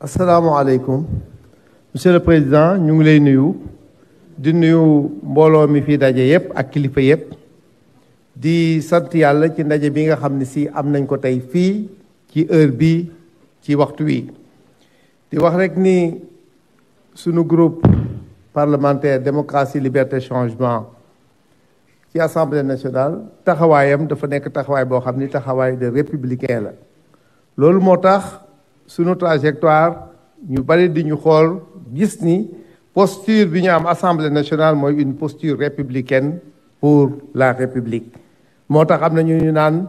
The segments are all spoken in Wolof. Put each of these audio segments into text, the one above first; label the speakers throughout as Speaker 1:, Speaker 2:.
Speaker 1: Assalamu asalaamaaleykum monsieur le président ñu ngi lay nuyu di nuyu mbooloo mi fi daje yépp ak kilifa yépp di sant yàlla ci ndaje bi nga xam ne si am nañ ko tey fii ci heure bi ci waxtu wi di wax rek ni sunu groupe parlementaire démocratie liberté changement ci assemblée nationale taxawaayam dafa nekk taxawaay boo xam ni taxawaay de républicain la loolu moo tax suñu trajectoire ñu bari di ñu xool gis ni posture bi ñu am assemblée nationale mooy une posture républicaine pour la république moo tax am na ñu ñu naan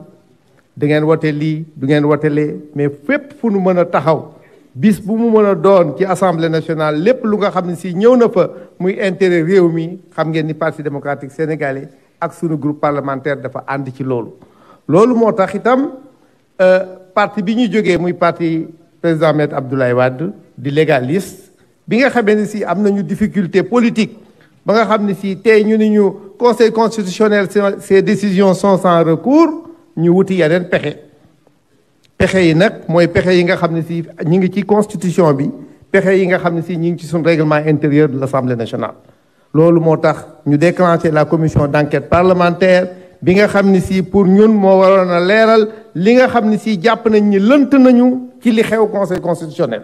Speaker 1: du ngeen wote lii du ngeen wote lee mais fépp fu nu mën a taxaw bis bu mu mën a doon ci assemblée nationale lépp lu nga xam ne si ñëw na fa muy intérêt réew mi xam ngeen ni parti démocratique sénégalais ak sunu groupe parlementaire dafa ànd ci loolu. loolu moo tax itam euh, parti bi ñu jógee muy parti président Maître Abdoulaye Wade di légaliste bi nga xamee ni si am nañu difficulté politique ba nga xamné si tey ñu ni ñu conseil constitutionnel ces décisions sont sans recours ñu wuti yeneen pexé pexé yi nak moy pexé yi nga xamné si ñi ngi ci constitution bi pexé yi nga xamné si ñi ngi ci règlement intérieur de l'Assemblée nationale lolu motax ñu déclenché la commission d'enquête parlementaire bi nga xamné si pour ñun mo waroon léral li nga xamné nous si japp nañ ni leunt nañu ci li xew conseil constitutionnel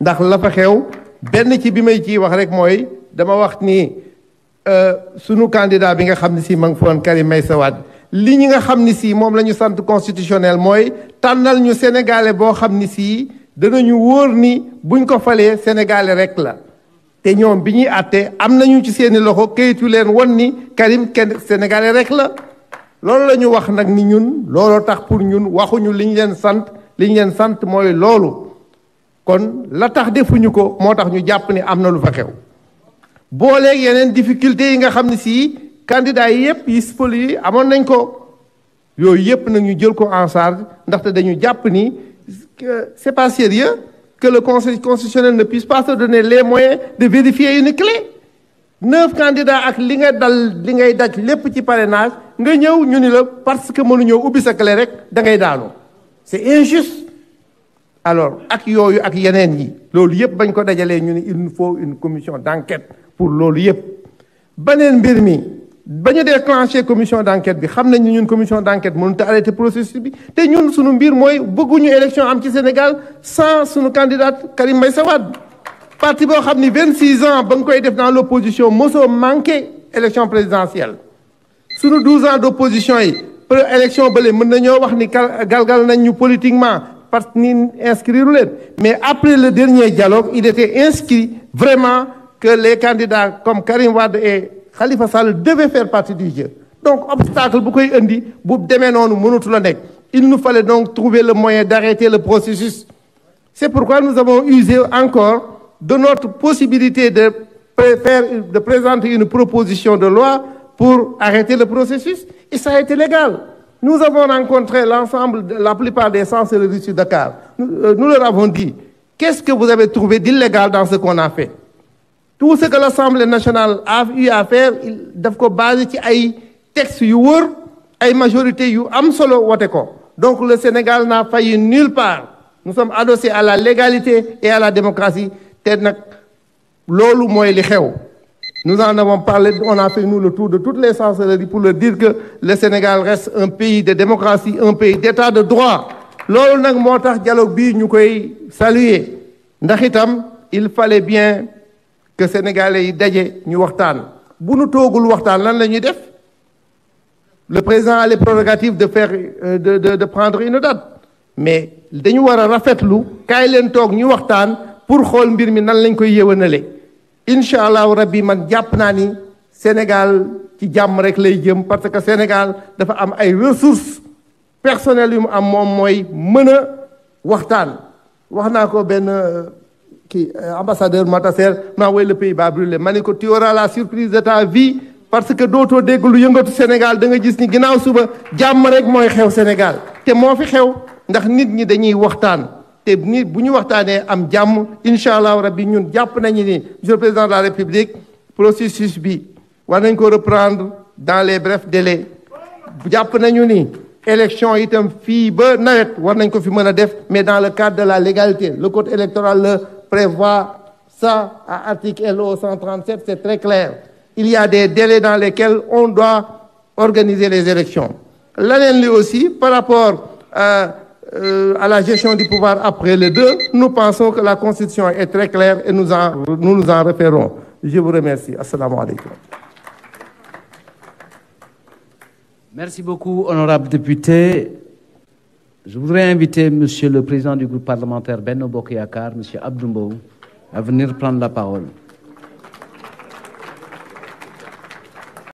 Speaker 1: ndax la fa xew benn ci bi may ci wax rek mooy dama wax ni euh, sunu candidat bi nga xam ne si ma ngi Karim Meïssa Wade li ñi nga xam ni si moom la ñu sant constitutionnel mooy tànnal ñu sénégalais boo xam ni si danañu wóor ni buñ ko falee sénégalais rek la te ñoom bi ñuy àtte am nañu ci seeni loxo kayitu leen won ni Karim kenn sénégalais rek la loolu la ñu wax nag ni ñun looloo tax pour ñun waxuñu li ñu leen liñ leen sant mooy loolu kon la tax defuñu ko moo tax ñu jàpp ni am na lu fa xew booleeg yeneen difficulté yi nga xam ne si candidat yi yépp yi spol yi amoon nañ ko yooyu yépp nag ñu jël ko en charge ndaxte dañu jàpp ni euh, c'est pas sérieux que le conseil constitutionnel ne puisse pas se donner les moyens de vérifier une clé neuf candidats ak li nga dal li ngay daj lépp ci parrainage nga ñëw ñu ni la parce que mënuñoo ubbi sa clé rek da ngay daanu c'est injuste alors ak yoyu ak yenen yi loolu yëpp bagn ko dajale ñu il faut une commission d'enquête pour loolu yëpp beneen mbir mi ba ñu déclenché commission d'enquête bi xam nañ une ñun commission d'enquête nous avons arrêté processus bi té ñun suñu mbir bëggu ñu élection am ci Sénégal sans suñu candidat Karim Meïssa parti bo xamni 26 ans ba koy def dans l'opposition mosoo manqué élection présidentielle suñu 12 ans d'opposition yi élection mais après le dernier dialogue il était inscrit vraiment que les candidats comme Karim Wade et Khalifa Sall devaient faire partie du jeu donc obstacle bu koy il nous fallait donc trouver le moyen d'arrêter le processus c'est pourquoi nous avons usé encore de notre possibilité de de présenter une proposition de loi pour arrêter le processus et ça a été légal. Nous avons rencontré l'ensemble, la plupart des sens et sud de Dakar. Euh, nous, leur avons dit, qu'est-ce que vous avez trouvé d'illégal dans ce qu'on a fait Tout ce que l'Assemblée nationale a eu à faire, il doit basé sur des textes qui sont une majorité qui am solo Donc le Sénégal n'a failli nulle part. Nous sommes adossés à la légalité et à la démocratie. C'est ce nous en avons parlé, on a fait nous le tour de toutes les sorcelleries pour le dire que le Sénégal reste un pays de démocratie, un pays d'état de droit. nous avons moo le dialogue nous avons salué. saluer il fallait bien que le Sénégal ait ñu Si nous, nu le président a les prérogatives de faire euh, de de de prendre une date mais nous avons fait le kaay leen ñu pour que mbir mi nan lañ koy incha allahu rabbi man jàpp naa ni Sénégal ci jàmm rek lay jëm parce que Sénégal dafa am ay ressources personnelles yu mu am moom mooy mëna waxtaan wax naa ko benn euh, kii euh, ambassadeur Matassel maa woy le pays ba brûlé ma ni ko tu auras la surprise de ta vie parce que dootoo dégg lu yëngatu Sénégal da nga gis ni ginnaaw suba jàmm rek mooy xew Sénégal te moo fi xew ndax nit ñi dañuy waxtaan te ni am jamm inshallah ñun japp nañu ni monsieur le président de la république processus bi war nañ ko reprendre dans les brefs délais japp nañu ni élection itam fi ba nawet war nañ ko fi mëna def mais dans le cadre de la légalité le code électoral le prévoit ça à article 137 c'est très clair il y a des délais dans lesquels on doit organiser les élections l'année li aussi par rapport euh, euh, à la gestion du pouvoir après les deux, nous pensons que la Constitution est très claire et nous, nous, en référons. Je vous remercie. Assalamu alaikum. Merci beaucoup, honorable député. Je voudrais inviter Monsieur le Président du groupe parlementaire Benno Bokeyakar, M. Abdoumbo, à venir prendre la parole.